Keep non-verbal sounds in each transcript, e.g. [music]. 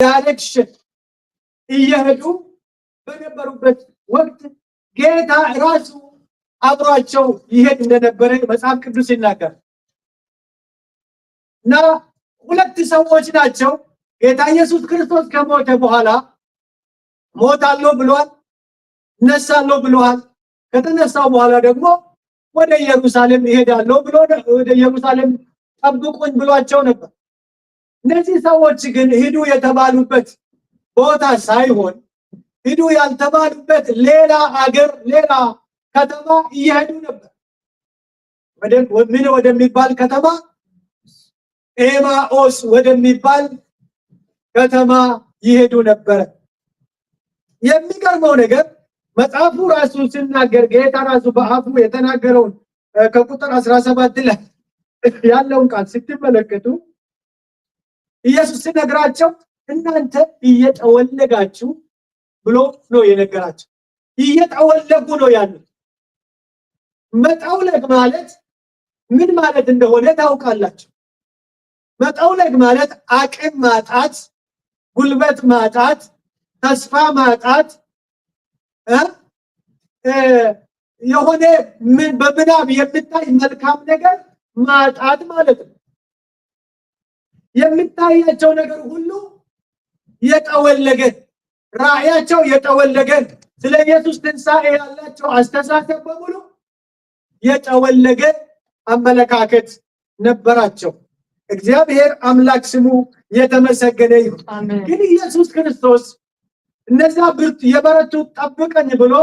ዳይሬክሽን እየሄዱ በነበሩበት ወቅት ጌታ ራሱ አብሯቸው ይሄድ እንደነበረ መጽሐፍ ቅዱስ ይናገር እና ሁለት ሰዎች ናቸው። ጌታ ኢየሱስ ክርስቶስ ከሞተ በኋላ ሞታለሁ ብሏል፣ እነሳለሁ ብሏል። ከተነሳው በኋላ ደግሞ ወደ ኢየሩሳሌም ይሄዳለሁ ብሎ ወደ ኢየሩሳሌም ጠብቁኝ ብሏቸው ነበር። እነዚህ ሰዎች ግን ሂዱ የተባሉበት ቦታ ሳይሆን ሂዱ ያልተባሉበት ሌላ አገር፣ ሌላ ከተማ እየሄዱ ነበር። ምን ወደሚባል ከተማ? ኤማኦስ ወደሚባል ከተማ ይሄዱ ነበረ። የሚገርመው ነገር መጽሐፉ ራሱ ሲናገር ጌታ ራሱ በአፉ የተናገረውን ከቁጥር 17 ላይ ያለውን ቃል ስትመለከቱ ኢየሱስ ሲነግራቸው እናንተ እየጠወለጋችሁ ብሎ ነው የነገራቸው። እየጠወለጉ ነው ያሉት። መጠውለግ ማለት ምን ማለት እንደሆነ ታውቃላችሁ። መጠውለግ ማለት አቅም ማጣት፣ ጉልበት ማጣት፣ ተስፋ ማጣት የሆነ በምናብ የምታይ መልካም ነገር ማጣት ማለት ነው። የሚታያቸው ነገር ሁሉ የጠወለገን ራእያቸው የጠወለገን ስለ ኢየሱስ ትንሣኤ ያላቸው አስተሳሰብ በሙሉ የጠወለገን አመለካከት ነበራቸው። እግዚአብሔር አምላክ ስሙ የተመሰገነ ይሁን። ግን ኢየሱስ ክርስቶስ እነዚያ ብርቱ የበረቱ ጠብቀኝ ብሎ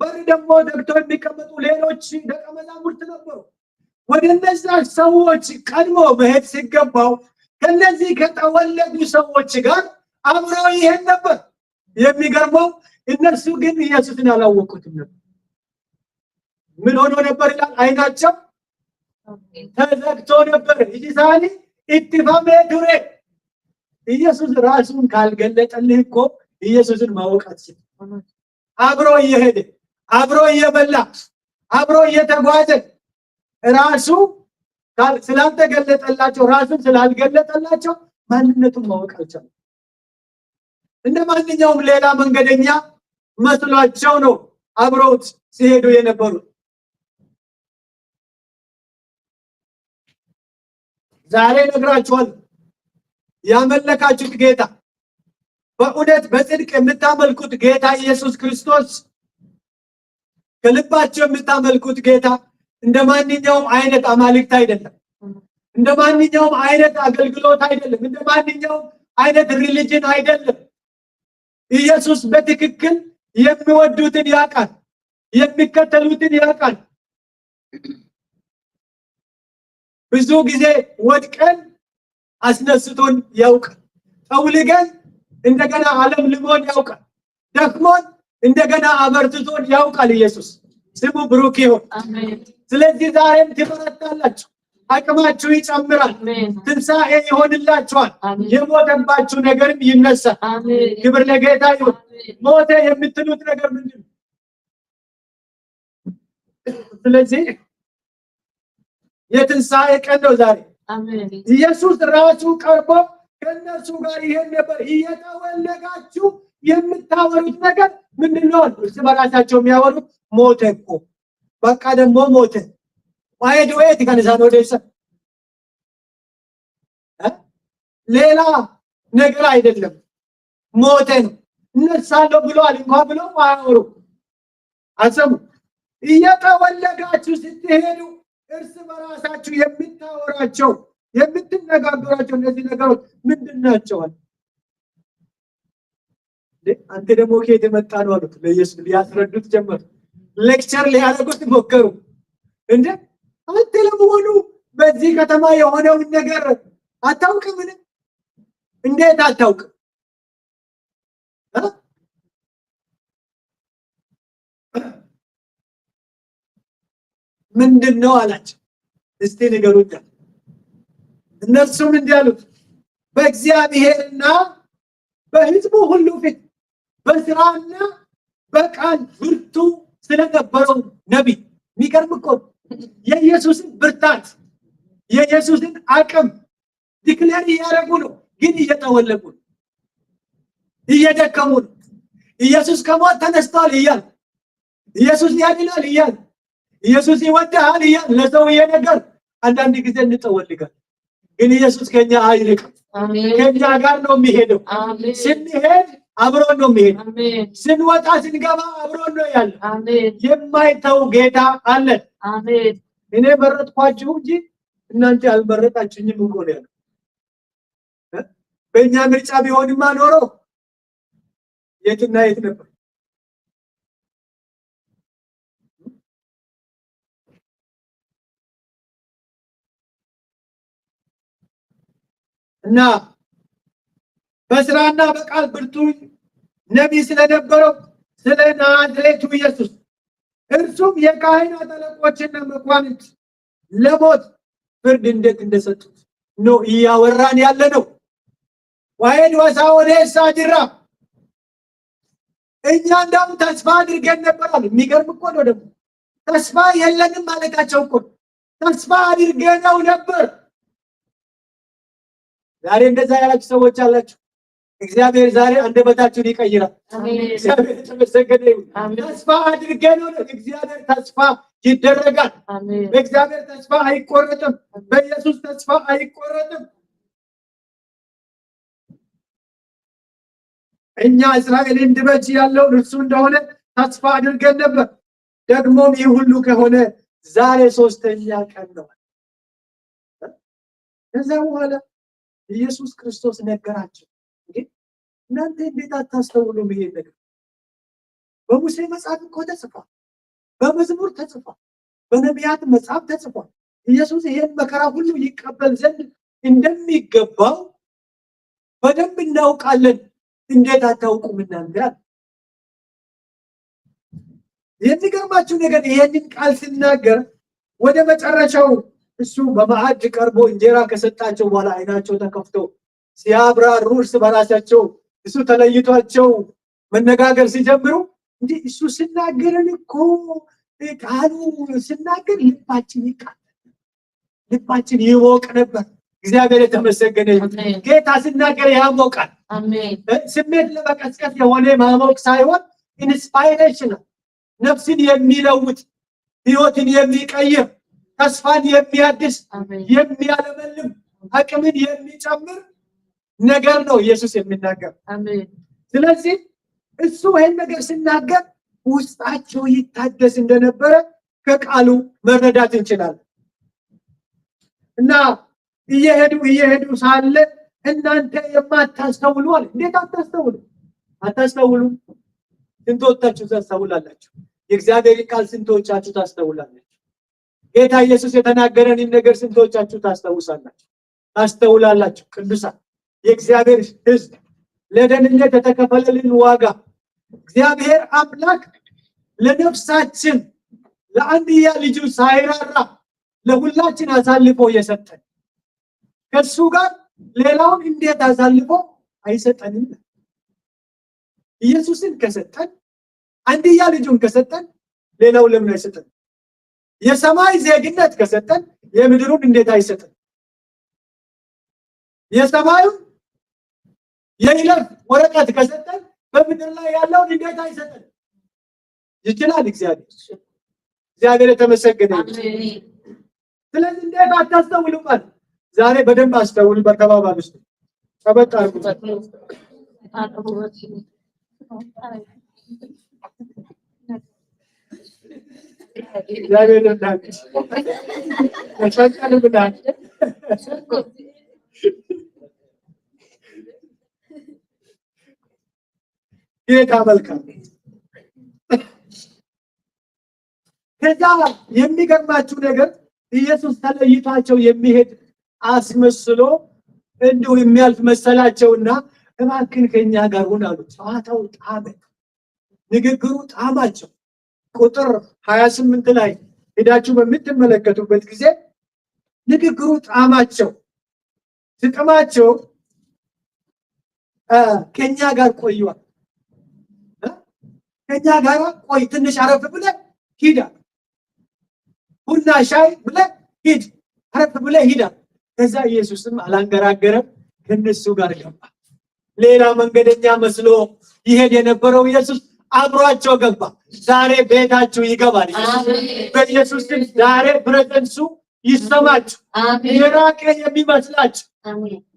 በር ደግሞ ደግቶ የሚቀመጡ ሌሎች ደቀ መዛሙርት ነበሩ። ወደ እነዚያ ሰዎች ቀድሞ መሄድ ሲገባው ከእነዚህ ከተወለዱ ሰዎች ጋር አብረው ይሄድ ነበር። የሚገርመው እነሱ ግን ኢየሱስን አላወቁትም ነበር። ምን ሆኖ ነበር ይላል? አይናቸው ተዘግቶ ነበር። ኢሳኒ ኢትፋሜ ዱሬ ኢየሱስ ራሱን ካልገለጠልህ እኮ ኢየሱስን ማወቅ አትችል። አብሮ እየሄደ አብሮ እየበላ አብሮ እየተጓዘ ራሱ ስላልተገለጠላቸው ራሱን ስላልገለጠላቸው ማንነቱን ማወቅ አልቻሉም። እንደ ማንኛውም ሌላ መንገደኛ መስሏቸው ነው አብረውት ሲሄዱ የነበሩት። ዛሬ ነግራችኋል። ያመለካችሁት ጌታ በእውነት በጽድቅ የምታመልኩት ጌታ ኢየሱስ ክርስቶስ ከልባቸው የምታመልኩት ጌታ እንደ ማንኛውም አይነት አማልክት አይደለም። እንደ ማንኛውም አይነት አገልግሎት አይደለም። እንደ ማንኛውም አይነት ሪሊጅን አይደለም። ኢየሱስ በትክክል የሚወዱትን ያውቃል፣ የሚከተሉትን ያውቃል። ብዙ ጊዜ ወድቀን አስነስቶን ያውቃል። ጠውልገን እንደገና ዓለም ልሞን ያውቃል። ደክሞን እንደገና አበርትቶን ያውቃል። ኢየሱስ ስሙ ብሩክ ይሁን። ስለዚህ ዛሬም ትበረታላችሁ፣ አቅማችሁ ይጨምራል፣ ትንሣኤ ይሆንላችኋል፣ የሞተባችሁ ነገርም ይነሳል። ክብር ለጌታ ይሁን። ሞተ የምትሉት ነገር ምንድን ነው? ስለዚህ የትንሣኤ ቀን ነው ዛሬ። ኢየሱስ ራሱ ቀርቦ ከእነርሱ ጋር ይሄን ነበር። እየተወለጋችሁ የምታወሩት ነገር ምንድን ነው? እርስ በራሳቸው የሚያወሩት ሞተ እኮ በቃ ደግሞ ሞት ማየድ ወይት ነው ደስ ሌላ ነገር አይደለም። ሞተ ነው እነሳለሁ ብሏል። እንኳን ብሎ አያወሩ አሰሙ። እየተወለዳችሁ ስትሄዱ እርስ በራሳችሁ የምታወራቸው የምትነጋገራቸው እነዚህ ነገሮች ምንድን ናቸው? አንተ ደግሞ ከየት የመጣ ነው አሉት። ለኢየሱስ ሊያስረዱት ጀመሩ። ሌክቸር ሊያደርጉት ሞከሩ። እንደ አንተ ለመሆኑ በዚህ ከተማ የሆነውን ነገር አታውቅምን? እንዴት አታውቅም? ምንድን ነው አላቸው። እስቲ ንገሩኛ። እነርሱም እንዲህ አሉት፣ በእግዚአብሔርና በሕዝቡ ሁሉ ፊት በስራና በቃል ብርቱ ስለነበረው ነቢይ የሚገርም እኮ የኢየሱስን ብርታት የኢየሱስን አቅም ዲክሌር እያደረጉ ነው፣ ግን እየጠወለጉ ነው፣ እየደከሙ ነው። ኢየሱስ ከሞት ተነስተዋል እያል፣ ኢየሱስ ያድናል እያል፣ ኢየሱስ ይወድሃል እያል ለሰውዬ ነገር አንዳንድ ጊዜ እንጠወልጋል። ግን ኢየሱስ ከኛ አይርቅም፣ ከኛ ጋር ነው የሚሄደው ስንሄድ አብሮን ነው የሚሄድ። ስንወጣ ስንገባ አብሮን ነው ያለ። የማይተው ጌታ አለን። እኔ መረጥኳችሁ እንጂ እናንተ አልመረጣችሁኝም እኮ ነው ያለ። በእኛ ምርጫ ቢሆንማ ኖሮ የትና የት ነበር። እና በስራና በቃል ብርቱ ነቢይ ስለነበረው ስለ ናዝሬቱ ኢየሱስ እርሱም የካህናት አለቆችና መኳንንት ለሞት ፍርድ እንዴት እንደሰጡት ነው እያወራን ያለ ነው። ዋይድ ወሳ ወደሳ ሳጅራ እኛ እንዳውም ተስፋ አድርገን ነበራል። የሚገርም እኮ ነው ደግሞ ተስፋ የለንም ማለታቸው እኮ ተስፋ አድርገነው ነበር። ዛሬ እንደዛ ያላችሁ ሰዎች አላችሁ። እግዚአብሔር ዛሬ አንደበታችሁን ይቀይራል። እግዚአብሔር የተመሰገነ ይሁን። ተስፋ አድርገን ሆነ እግዚአብሔር ተስፋ ይደረጋል። በእግዚአብሔር ተስፋ አይቆረጥም። በኢየሱስ ተስፋ አይቆረጥም። እኛ እስራኤል እንድበጅ ያለው እርሱ እንደሆነ ተስፋ አድርገን ነበር። ደግሞም ይህ ሁሉ ከሆነ ዛሬ ሶስተኛ ቀን ነው። ከዛ በኋላ ኢየሱስ ክርስቶስ ነገራቸው። እናንተ እንዴት አታስተውሉም? ይሄን ነገር በሙሴ መጽሐፍ እኮ ተጽፏል፣ በመዝሙር ተጽፏል፣ በነቢያት መጽሐፍ ተጽፏል። ኢየሱስ ይሄን መከራ ሁሉ ይቀበል ዘንድ እንደሚገባው በደንብ እናውቃለን። እንዴት አታውቁም እናንተ የሚገርማችሁ ነገር ይሄንን ቃል ስናገር ወደ መጨረሻው እሱ በማዕድ ቀርቦ እንጀራ ከሰጣቸው በኋላ አይናቸው ተከፍቶ ሲያብራሩ እርስ በራሳቸው እሱ ተለይቷቸው መነጋገር ሲጀምሩ እንዲ እሱ ስናገርን እኮ ቃሉ ስናገር ልባችን ይቃጠል፣ ልባችን ይሞቅ ነበር። እግዚአብሔር የተመሰገነ ጌታ ስናገር ያሞቃል። ስሜት ለመቀስቀስ የሆነ ማሞቅ ሳይሆን ኢንስፓይሬሽን ነው። ነፍስን የሚለውጥ ህይወትን የሚቀይር ተስፋን የሚያድስ የሚያለመልም አቅምን የሚጨምር ነገር ነው ኢየሱስ የሚናገር። ስለዚህ እሱ ይህን ነገር ሲናገር ውስጣቸው ይታደስ እንደነበረ ከቃሉ መረዳት እንችላለን። እና እየሄዱ እየሄዱ ሳለ እናንተ የማታስተውሉ አለ። እንዴት አታስተውሉ? አታስተውሉ? ስንቶቻችሁ ታስተውላላችሁ? የእግዚአብሔር ቃል ስንቶቻችሁ ታስተውላላችሁ? ጌታ ኢየሱስ የተናገረን ነገር ስንቶቻችሁ ታስተውሳላችሁ? ታስተውላላችሁ? ቅዱሳን የእግዚአብሔር ሕዝብ ለደህንነት የተከፈለልን ዋጋ እግዚአብሔር አምላክ ለነፍሳችን ለአንድያ ልጁ ሳይራራ ለሁላችን አሳልፎ የሰጠን ከሱ ጋር ሌላውን እንዴት አሳልፎ አይሰጠንም? ኢየሱስን ከሰጠን አንድያ ልጁን ከሰጠን ሌላው ለምን አይሰጠን? የሰማይ ዜግነት ከሰጠን የምድሩን እንዴት አይሰጠን? የሰማዩን የይለፍ ወረቀት ከሰጠን በምድር ላይ ያለውን እንዴት አይሰጠን ይችላል? እግዚአብሔር እግዚአብሔር የተመሰገነ። ስለዚህ እንዴት አታስተውሉም? ዛሬ በደንብ አስተውሉ። በተባባል ውስጥ ጠበጣ እግዚአብሔር ጌታ መልካም። ከዛ የሚገርማችሁ ነገር ኢየሱስ ተለይቷቸው የሚሄድ አስመስሎ እንዲሁ የሚያልፍ መሰላቸውና እባክን ከኛ ጋር ሁን አሉት። ጨዋታው ጣመ፣ ንግግሩ ጣማቸው። ቁጥር ሀያ ስምንት ላይ ሄዳችሁ በምትመለከቱበት ጊዜ ንግግሩ ጣማቸው። ስጥማቸው ከኛ ጋር ቆይዋል ከኛ ጋር ቆይ ትንሽ አረፍ ብለ ሂዳ ቡና ሻይ ብለ ሂድ፣ አረፍ ብለ ሂዳ። ከዛ ኢየሱስም አላንገራገረም፣ ከነሱ ጋር ገባ። ሌላ መንገደኛ መስሎ ይሄድ የነበረው ኢየሱስ አብሯቸው ገባ። ዛሬ ቤታችሁ ይገባል። በኢየሱስ ግን ዛሬ ብረተንሱ ይሰማችሁ። የራቀ የሚመስላችሁ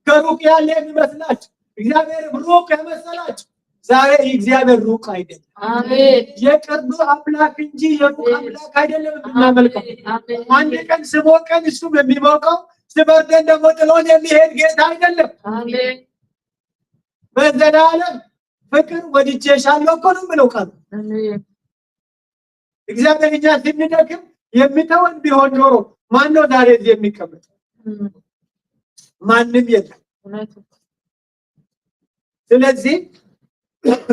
ከሩቅ ያለ የሚመስላችሁ እግዚአብሔር ሩቅ የመሰላችሁ ዛሬ እግዚአብሔር ሩቅ አይደለም፣ የቅርብ አምላክ እንጂ የሩቅ አምላክ አይደለም የምናመልከው። አንድ ቀን ስቦ እሱም የሚሞቀው ስበርደን ደግሞ ጥሎን የሚሄድ ጌታ አይደለም። በዘላለም ፍቅር ወድጄሻለሁ እኮ ነው የምለው ቃሉ። እግዚአብሔር እኛ ስንደክም የሚተወን ቢሆን ኖሮ ማነው ዛሬ እዚህ የሚቀመጠው? ማንም የለም። ስለዚህ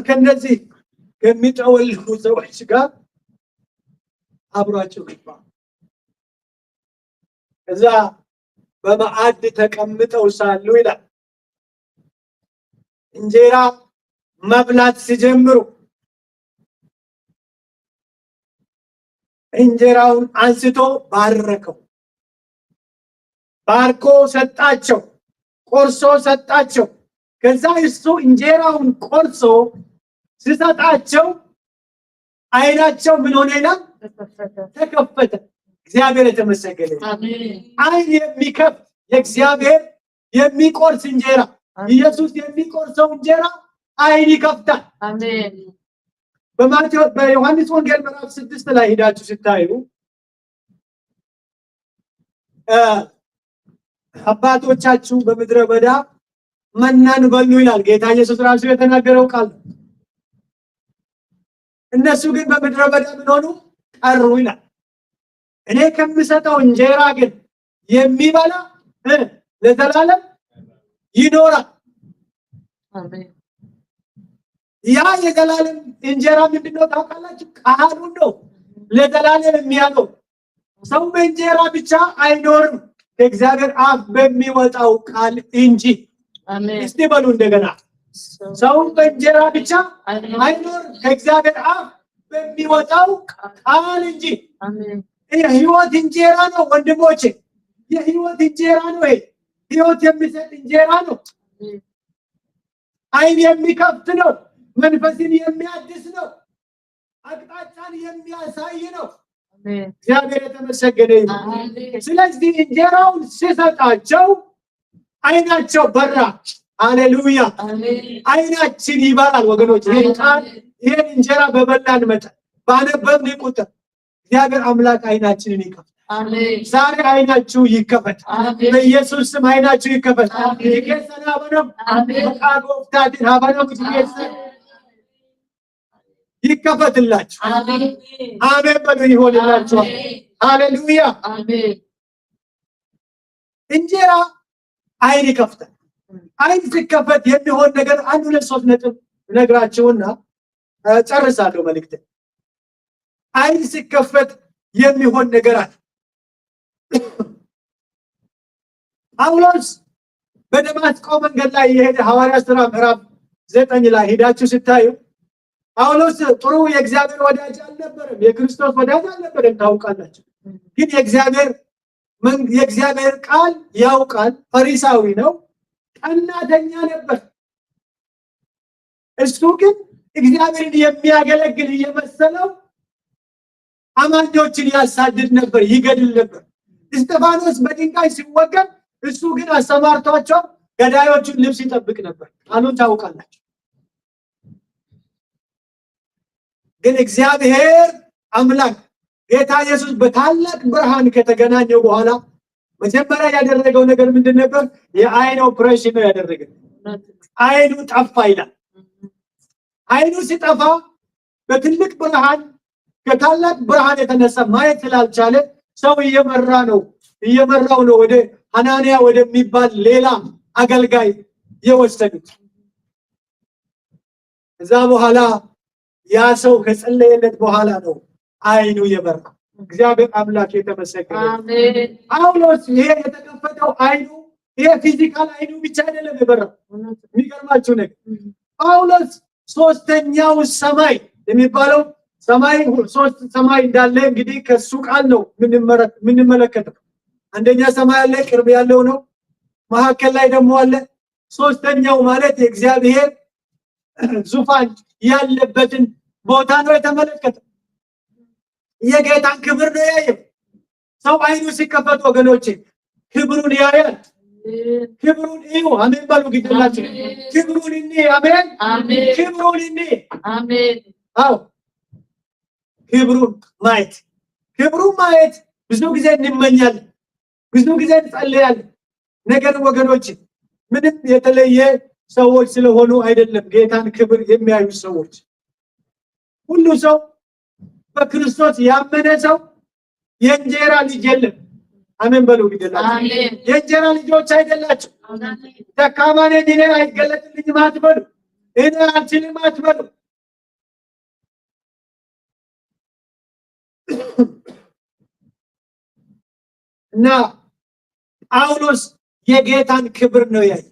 ከነዚህ ከሚጠወልጉ ሰዎች ጋር አብሯቸው ግባ። እዛ በማዕድ ተቀምጠው ሳሉ ይላል እንጀራ መብላት ሲጀምሩ እንጀራውን አንስቶ ባረከው፣ ባርኮ ሰጣቸው፣ ቆርሶ ሰጣቸው። ከዛ እሱ እንጀራውን ቆርሶ ሲሰጣቸው አይናቸው ምን ሆነ ይላል? ተከፈተ። እግዚአብሔር የተመሰገነ አይን የሚከፍት የእግዚአብሔር የሚቆርስ እንጀራ ኢየሱስ የሚቆርሰው እንጀራ አይን ይከፍታል። በማቴዎስ በዮሐንስ ወንጌል ምዕራፍ ስድስት ላይ ሄዳችሁ ስታዩ አባቶቻችሁ በምድረ በዳ መናን በሉ ይላል ጌታ ኢየሱስ ራሱ የተናገረው ቃል። እነሱ ግን በምድረ በዳ ምን ሆኑ ቀሩ ይላል። እኔ ከምሰጠው እንጀራ ግን የሚበላ ለዘላለም ይኖራል። ያ የዘላለም እንጀራ ነው ታውቃላችሁ? ቃሉ ነው ለዘላለም የሚያለው። ሰው በእንጀራ ብቻ አይኖርም፣ ከእግዚአብሔር አፍ በሚወጣው ቃል እንጂ እስቲ በሉ እንደገና ሰው በእንጀራ ብቻ አይኖር ከእግዚአብሔር አፍ በሚወጣው ቃል እንጂ። የህይወት እንጀራ ነው ወንድሞቼ፣ የህይወት እንጀራ ነው። ህይወት የሚሰጥ እንጀራ ነው። አይን የሚከፍት ነው። መንፈስን የሚያድስ ነው። አቅጣጫን የሚያሳይ ነው። እግዚአብሔር የተመሰገነ ይሁን። ስለዚህ እንጀራውን ሲሰጣቸው አይናቸው በራ። ሃሌሉያ! አይናችን ይበራል ወገኖች። ይህን እንጀራ በበላን መጠን ባነበብን ቁጥር እግዚአብሔር አምላክ አይናችንን ይከፍታል። ዛሬ አይናችሁ ይከፈት፣ በኢየሱስ ስም አይናችሁ ይከፈት። ይከፈትላችሁ። አሜን በሉ። ይሆንላችኋል። ሃሌሉያ! እንጀራ አይን ይከፍታል። አይን ሲከፈት የሚሆን ነገር አንድ ሁለት ሶስት ነጥብ ነግራችሁና ጨርሳለሁ መልእክት። አይን ሲከፈት የሚሆን ነገር አለ። ጳውሎስ በደማስቆ መንገድ ላይ የሄደ ሐዋርያ ሥራ ምዕራፍ ዘጠኝ ላይ ሄዳችሁ ስታዩ ጳውሎስ ጥሩ የእግዚአብሔር ወዳጅ አልነበረም፣ የክርስቶስ ወዳጅ አልነበረም ታውቃላችሁ። ግን የእግዚአብሔር የእግዚአብሔር ቃል ያውቃል። ፈሪሳዊ ነው፣ ቀናተኛ ነበር። እሱ ግን እግዚአብሔርን የሚያገለግል እየመሰለው አማኞችን ያሳድድ ነበር፣ ይገድል ነበር። እስጢፋኖስ በድንጋይ ሲወገድ፣ እሱ ግን አሰማርቷቸው ገዳዮቹን ልብስ ይጠብቅ ነበር። ቃሉን ታውቃላችሁ። ግን እግዚአብሔር አምላክ ጌታ ኢየሱስ በታላቅ ብርሃን ከተገናኘው በኋላ መጀመሪያ ያደረገው ነገር ምንድን ነበር? የአይን ኦፕሬሽን ነው ያደረገ። አይኑ ጠፋ ይላል። አይኑ ሲጠፋ በትልቅ ብርሃን ከታላቅ ብርሃን የተነሳ ማየት ስላልቻለ ሰው እየመራ ነው እየመራው ነው ወደ ሐናንያ ወደሚባል ሌላ አገልጋይ የወሰዱት። ከዛ በኋላ ያ ሰው ከጸለየለት በኋላ ነው አይኑ የበራ እግዚአብሔር አምላክ የተመሰገነ። ጳውሎስ ይሄ የተከፈተው አይኑ ይሄ ፊዚካል አይኑ ብቻ አይደለም የበራ። የሚገርማችሁ ነገር ጳውሎስ ሶስተኛው ሰማይ የሚባለው ሰማይ ሶስት ሰማይ እንዳለ እንግዲህ ከሱ ቃል ነው የምንመለከተው። አንደኛ ሰማይ አለ፣ ቅርብ ያለው ነው። መካከል ላይ ደግሞ አለ። ሶስተኛው ማለት የእግዚአብሔር ዙፋን ያለበትን ቦታ ነው የተመለከተው። የጌታን ክብር ነው ያየው። ሰው አይኑ ሲከፈት ወገኖች ክብሩን ያያል። ክብሩን እዩ። አሜን ባሉ ግደላችሁ። ክብሩን እኔ አሜን ክብሩን እኔ አሜን። አዎ ክብሩን ማየት ክብሩን ማየት ብዙ ጊዜ እንመኛለን፣ ብዙ ጊዜ እንጸልያለን። ነገር ወገኖች ምንም የተለየ ሰዎች ስለሆኑ አይደለም። ጌታን ክብር የሚያዩ ሰዎች ሁሉ ሰው በክርስቶስ ያመነ ሰው የእንጀራ ልጅ የለም። አሜን በሉ። ይደላችሁ የእንጀራ ልጆች አይደላችሁ። ደካማ ነኝ እኔ አይገለጥልኝም አትበሉ። እኔ አልችልም አትበሉ። እና ጳውሎስ የጌታን ክብር ነው ያየ።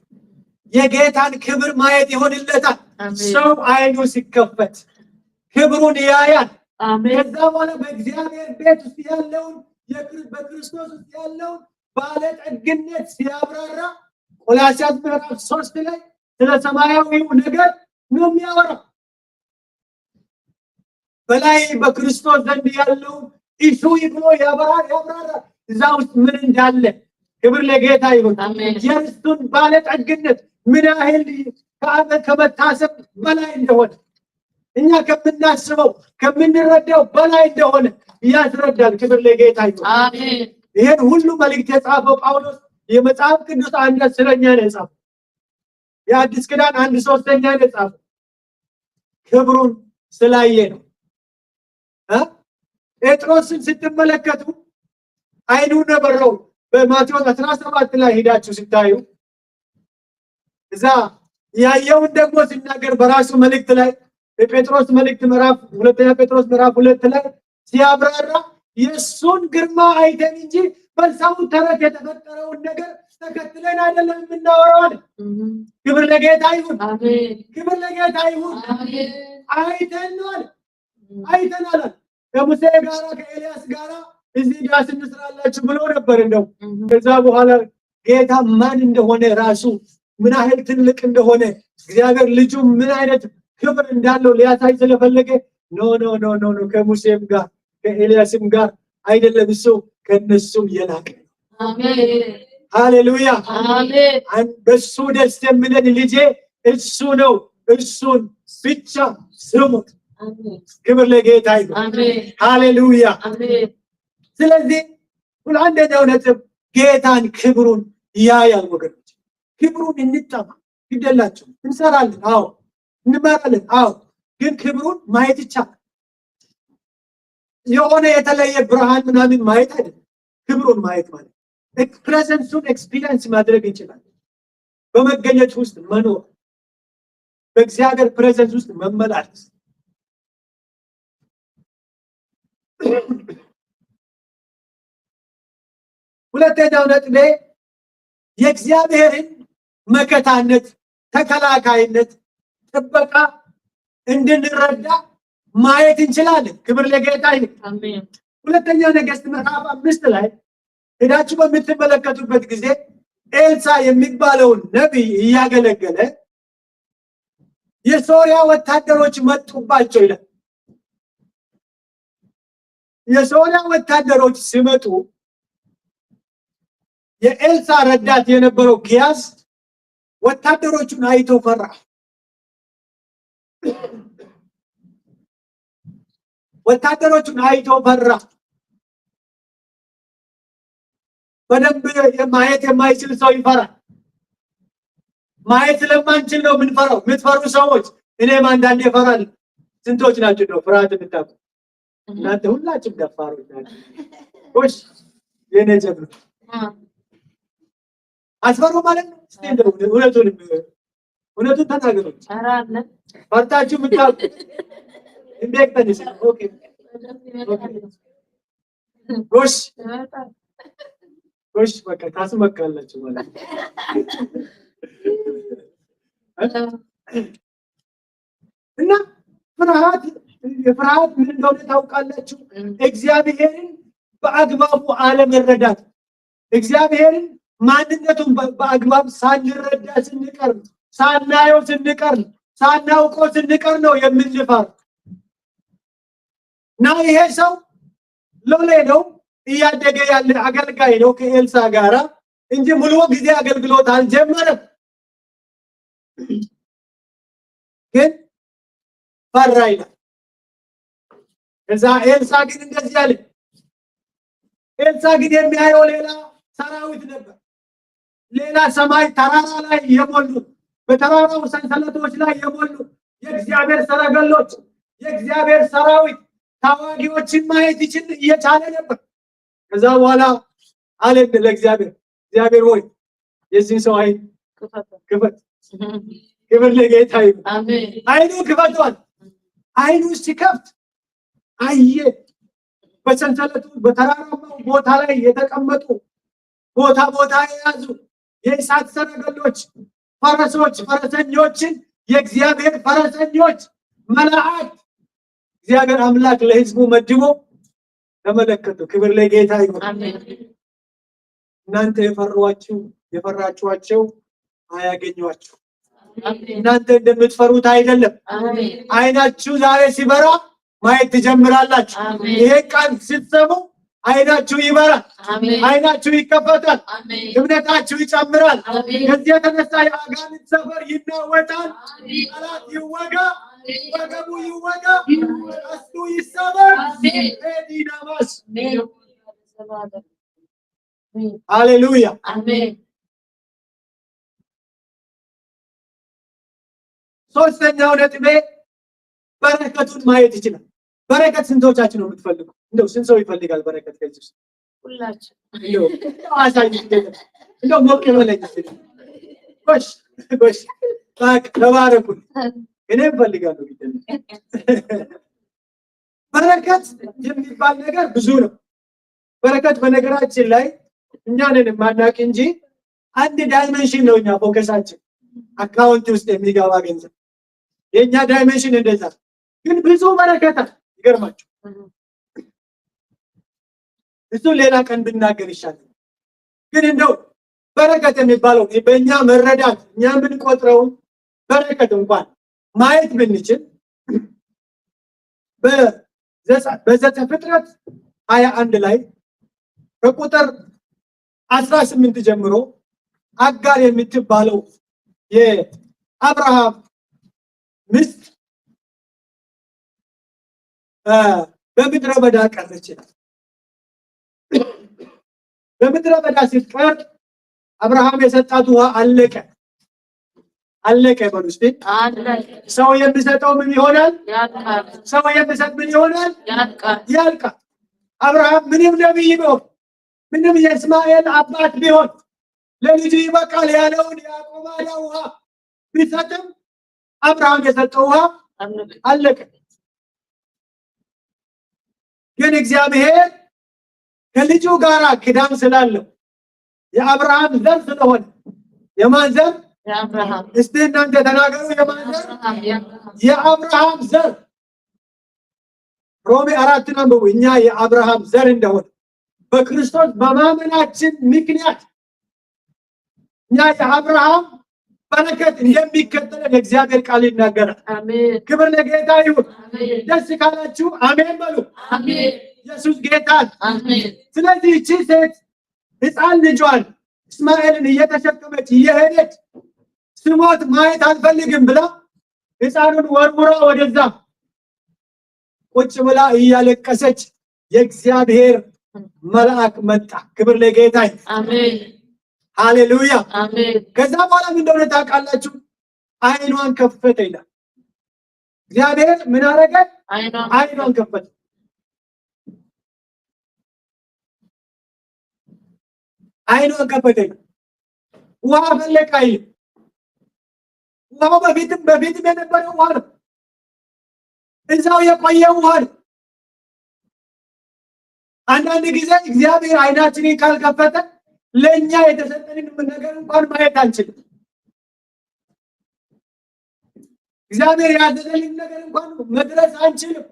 የጌታን ክብር ማየት ይሆንለታል። ሰው አይኑ ሲከፈት ክብሩን ያያል። ከዛ በኋላ በእግዚአብሔር ቤት ውስጥ ያለውን በክርስቶስ ውስጥ ያለውን ባለጠግነት ሲያብራራ ቆላሲያስ ምዕራፍ ሶስት ላይ ስለ ሰማያዊው ነገር ነው የሚያወራው። በላይ በክርስቶስ ዘንድ ያለውን ኢሹ ብሎ ያብራር ያብራራል። እዛ ውስጥ ምን እንዳለ ክብር ለጌታ ይሁን። የርስቱን ባለጠግነት ምን ያህል ከመታሰብ በላይ እንደሆነ እኛ ከምናስበው ከምንረዳው በላይ እንደሆነ ያስረዳል። ክብር ለጌታ ይሁን። ይሄን ሁሉ መልእክት የጻፈው ጳውሎስ የመጽሐፍ ቅዱስ አንድ አስረኛ ነው የጻፈው። የአዲስ ኪዳን አንድ ሶስተኛ ነው የጻፈው። ክብሩን ስላየ ነው። ጴጥሮስን ስትመለከቱ አይኑ ነበረው። በማቴዎስ አስራ ሰባት ላይ ሄዳችሁ ስታዩ እዛ ያየውን ደግሞ ሲናገር በራሱ መልእክት ላይ የጴጥሮስ መልእክት ምዕራፍ ሁለተኛ ጴጥሮስ ምዕራፍ ሁለት ላይ ሲያብራራ የእሱን ግርማ አይተን እንጂ በሰው ተረት የተፈጠረውን ነገር ተከትለን አይደለም የምናወራዋል። ክብር ለጌታ ይሁን፣ ክብር ለጌታ ይሁን። አይተናል፣ አይተናል። ከሙሴ ጋራ ከኤልያስ ጋራ እዚህ ዳስ እንስራላችሁ ብሎ ነበር። እንደው ከዛ በኋላ ጌታ ማን እንደሆነ ራሱ ምን ያህል ትልቅ እንደሆነ እግዚአብሔር ልጁ ምን አይነት ክብር እንዳለው ሊያሳይ ስለፈለገ ኖ ኖ ኖ ኖ ኖ ከሙሴም ጋር ከኤልያስም ጋር አይደለም እሱ ከነሱም የላቀ ሃሌሉያ በሱ ደስ የምለን ልጄ እሱ ነው። እሱን ብቻ ስሙት። ክብር ለጌታ ይሁን። ሃሌሉያ። ስለዚህ ሁሉ አንደኛው ነጥብ ጌታን ክብሩን ያያል። ወገኖች ክብሩን እንጠማ፣ ግደላቸው፣ እንሰራለን። አዎ እንማራለን። አዎ ግን ክብሩን ማየት ይቻላል። የሆነ የተለየ ብርሃን ምናምን ማየት አይደለም። ክብሩን ማየት ማለት ፕሬዘንሱን ኤክስፒሪየንስ ማድረግ እንችላለን። በመገኘት ውስጥ መኖር፣ በእግዚአብሔር ፕሬዘንስ ውስጥ መመላለስ ሁለተኛው ነጥቤ የእግዚአብሔርን መከታነት፣ ተከላካይነት ጥበቃ እንድንረዳ ማየት እንችላለን። ክብር ለጌታ ይሁን። ሁለተኛ ነገሥት ምዕራፍ አምስት ላይ ሄዳችሁ በምትመለከቱበት ጊዜ ኤልሳ የሚባለውን ነቢይ እያገለገለ የሶሪያ ወታደሮች መጡባቸው ይላል። የሶሪያ ወታደሮች ሲመጡ የኤልሳ ረዳት የነበረው ኪያስ ወታደሮቹን አይቶ ፈራ። ወታደሮቹን አይቶ ፈራ። በደንብ ማየት የማይችል ሰው ይፈራል። ማየት ስለማንችል ነው የምንፈራው። የምትፈሩ ሰዎች እኔም አንዳንዴ ይፈራል። ስንቶች ናቸው ነው ፍርሃት የምታውቁ? እናንተ ሁላችን ደፋሩ ናቸው። የኔ ጀምር አስፈሩ ማለት ነው። እውነቱን እውነቱን ተናገሩ። ፈርታችሁ የምታውቁ እንዴት ጎሽ ጎሽ፣ በቃ ታስመካላችሁ ማለት እና ፍርሃት የፍርሃት ምን እንደሆነ ታውቃላችሁ? እግዚአብሔርን በአግባቡ አለመረዳት፣ እግዚአብሔርን ማንነቱን በአግባብ ሳንረዳ ስንቀርብ ሳናየው ስንቀር ሳናውቀው ስንቀር ነው የምንፈር እና ይሄ ሰው ሎሌ ነው፣ እያደገ ያለ አገልጋይ ነው ከኤልሳ ጋራ እንጂ ሙሉ ጊዜ አገልግሎት አልጀመረም። ግን ፈራ ይላል። እዛ ኤልሳ ግን እንደዚህ አለ። ኤልሳ ግን የሚያየው ሌላ ሰራዊት ነበር፣ ሌላ ሰማይ ተራራ ላይ የሞሉት በተራራው ሰንሰለቶች ላይ የሞሉ የእግዚአብሔር ሰረገሎች፣ የእግዚአብሔር ሰራዊት ታዋጊዎችን ማየት ይችል እየቻለ ነበር። ከዛ በኋላ አለን ለእግዚአብሔር እግዚአብሔር ሆይ የዚህ ሰው አይን ክፈት። [laughs] ክብር ለጌታ ይሁን። አይኑ ክፈቷል። አይኑ ሲከፍት አየ። በሰንሰለቱ በተራራማው ቦታ ላይ የተቀመጡ ቦታ ቦታ የያዙ የእሳት ሰረገሎች ፈረሶች ፈረሰኞችን የእግዚአብሔር ፈረሰኞች መላእክት እግዚአብሔር አምላክ ለህዝቡ መድቦ ተመለከቱ። ክብር ለጌታ ይሁን። እናንተ የፈሯችሁ የፈራችኋቸው አያገኟችሁ። እናንተ እንደምትፈሩት አይደለም። አይናችሁ ዛሬ ሲበራ ማየት ትጀምራላችሁ። ይሄ ቃል ስትሰሙ አይናችሁ ይበራል፣ አይናችሁ ይከፈታል፣ እምነታችሁ ይጨምራል። ከዚህ የተነሳ የአጋንንት ሰፈር ይናወጣል። ጠላት ይወጋ፣ ወገቡ ይወጋ፣ ቀስቱ ይሰበር። ዲናማስ አሌሉያ። ሶስተኛው ነጥቤ በረከቱን ማየት ይችላል። በረከት ስንቶቻችን ነው የምትፈልጉ? እንደው ስንት ሰው ይፈልጋል በረከት ከዚህ ውስጥ በረከት የሚባል ነገር ብዙ ነው። በረከት በነገራችን ላይ እኛንን ማናቅ እንጂ አንድ ዳይመንሽን ነው እኛ ፎከሳችን አካውንት ውስጥ የሚገባ ገንዘብ የእኛ ዳይመንሽን እንደዛ። ግን ብዙ በረከት ይገርማችሁ እሱ ሌላ ቀን ብናገር ይሻላል። ግን እንደው በረከት የሚባለው በእኛ መረዳት እኛ የምንቆጥረውን በረከት እንኳን ማየት ብንችል በዘፍጥረት ሀያ አንድ ላይ ከቁጥር አስራ ስምንት ጀምሮ አጋር የምትባለው የአብርሃም ሚስት በምድረ በዳ ቀረች ይላል። በምድረ በዳ ሲፈርድ አብርሃም የሰጣት ውሃ አለቀ። አለቀ በሉ እስቲ። ሰው የሚሰጠው ምን ይሆናል? ሰው የሚሰጥ ምን ይሆናል? ያልቃል። አብርሃም ምንም ነቢይ ቢሆን ምንም የእስማኤል አባት ቢሆን ለልጁ ይበቃል ያለውን ያቆማለ ውሃ ቢሰጥም አብርሃም የሰጠው ውሃ አለቀ። ግን እግዚአብሔር ከልጁ ጋር ክዳም ስላለው የአብርሃም ዘር ስለሆነ የማን ዘር? እስቲ እናንተ ተናገሩ። የማን ዘር? የአብርሃም ዘር። ሮሜ አራትን አንብቡ። እኛ የአብርሃም ዘር እንደሆነ በክርስቶስ በማመናችን ምክንያት እኛ የአብርሃም በረከት እንደሚከተለን ለእግዚአብሔር ቃል ይናገራል። ክብር ለጌታ ይሁን። ደስ ካላችሁ አሜን በሉ። ኢየሱስ ጌታ። ስለዚህ እቺ ሴት ህፃን ልጇን እስማኤልን እየተሸከመች እየሄደች ስሞት ማየት አልፈልግም ብላ ህፃኑን ወርውራ ወደዛ ቁጭ ብላ እያለቀሰች የእግዚአብሔር መልአክ መጣ። ክብር ለጌታ አሜን፣ ሃሌሉያ ከዛ በኋላ ምን እንደሆነ ታውቃላችሁ? አይኗን ከፈተ ይላል እግዚአብሔር። ምን አረገ? አይኗን ከፈተ። አይኗ ከፈተኝ። ውሃ ፈለቀ አይልም። ውሃው በፊትም በፊትም የነበረ ውሃ ነው። እዛው የቆየ ውሃ ነው። አንዳንድ ጊዜ እግዚአብሔር አይናችንን ካልከፈተ ለእኛ የተሰጠንን ነገር እንኳን ማየት አንችልም። እግዚአብሔር ያዘዘልን ነገር እንኳን መድረስ አንችልም።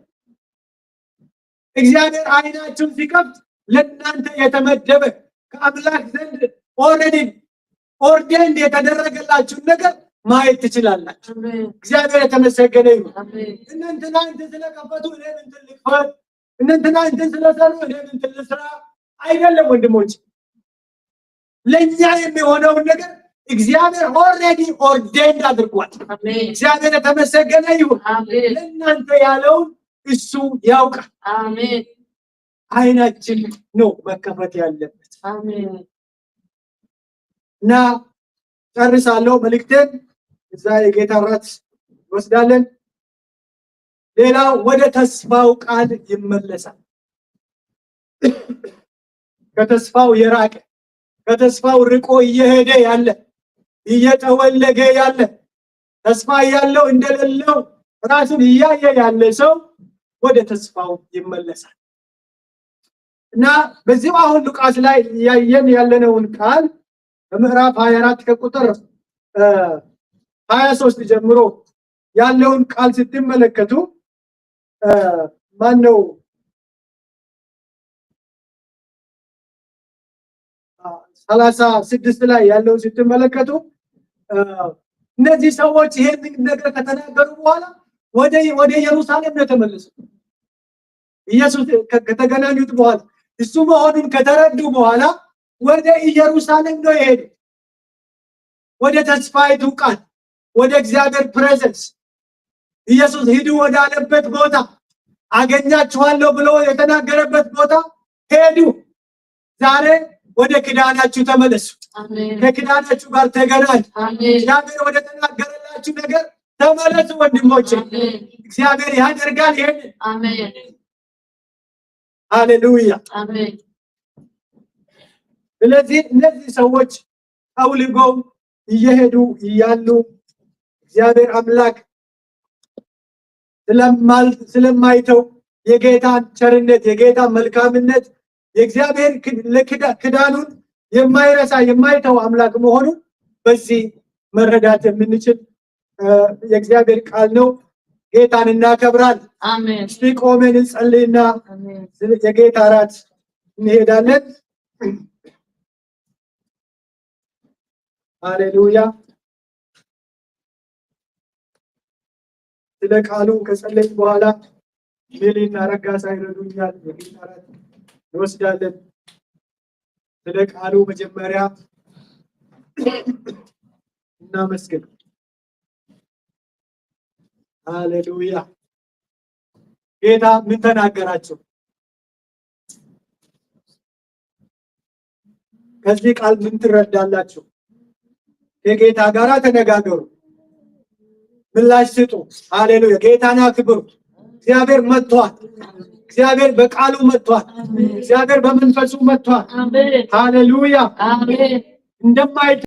እግዚአብሔር አይናችሁን ሲከፍት ለእናንተ የተመደበ ከአምላክ ዘንድ ኦልሬዲ ኦርዴንድ የተደረገላችሁን ነገር ማየት ትችላላችሁ። እግዚአብሔር የተመሰገነ ይሁን። እንትና እንትን ስለከፈቱ እኔም እንትን ልክፈት፣ እንትና እንትን ስለሰሩ እኔም እንትን ልስራ አይደለም ወንድሞች፣ ለእኛ የሚሆነውን ነገር እግዚአብሔር ኦልሬዲ ኦርዴንድ አድርጓል። እግዚአብሔር የተመሰገነ ይሁን። ለእናንተ ያለውን እሱ ያውቃል። አይናችን ነው መከፈት ያለብን እና ጨርሳለሁ መልእክቴን። እዛ የጌታ ራት እንወስዳለን ሌላው ወደ ተስፋው ቃል ይመለሳል። ከተስፋው የራቀ ከተስፋው ርቆ እየሄደ ያለ እየጠወለገ ያለ ተስፋ ያለው እንደሌለው ራሱን እያየ ያለ ሰው ወደ ተስፋው ይመለሳል። እና በዚህም አሁን ሉቃስ ላይ እያየን ያለነውን ቃል በምዕራፍ 24 ከቁጥር 23 ጀምሮ ያለውን ቃል ስትመለከቱ ማን ነው ሰላሳ ስድስት ላይ ያለውን ስትመለከቱ እነዚህ ሰዎች ይሄን ነገር ከተናገሩ በኋላ ወደ ኢየሩሳሌም ነው የተመለሱት። ኢየሱስ ከተገናኙት በኋላ እሱ መሆኑን ከተረዱ በኋላ ወደ ኢየሩሳሌም ነው የሄዱ። ወደ ተስፋይቱ ቃል፣ ወደ እግዚአብሔር ፕሬዘንስ ኢየሱስ ሂዱ ወዳለበት ቦታ አገኛችኋለሁ ብሎ የተናገረበት ቦታ ሄዱ። ዛሬ ወደ ክዳናችሁ ተመለሱ። ከክዳናችሁ ጋር ተገናኙ። እግዚአብሔር ወደ ተናገረላችሁ ነገር ተመለሱ። ወንድሞች እግዚአብሔር ያደርጋል አሜን። ሃሌሉያ። ስለዚህ እነዚህ ሰዎች ጠውልገው እየሄዱ እያሉ እግዚአብሔር አምላክ ስለማይተው የጌታን ቸርነት የጌታን መልካምነት የእግዚአብሔር ክዳኑን የማይረሳ የማይተው አምላክ መሆኑን በዚህ መረዳት የምንችል የእግዚአብሔር ቃል ነው። ጌታን አሜን። እስቲ ቆመን እንጸልይና የጌታ እራት እንሄዳለን። ሃሌሉያ። ስለ ቃሉ ከጸለይ በኋላ ሜሊና ረጋ ሳይረዱኛል የጌታ እራት እንወስዳለን። ስለ ቃሉ መጀመሪያ እናመስግን። ሃሌሉያ። ጌታ ምን ተናገራቸው? ከዚህ ቃል ምን ትረዳላችሁ? ከጌታ ጋር ተነጋገሩ፣ ምላሽ ስጡ። ሃሌሉያ። ጌታን አክብሩ። እግዚአብሔር መጥቷል። እግዚአብሔር በቃሉ መጥቷል። እግዚአብሔር በመንፈሱ መጥቷል። ሃሌሉያ። እንደማይ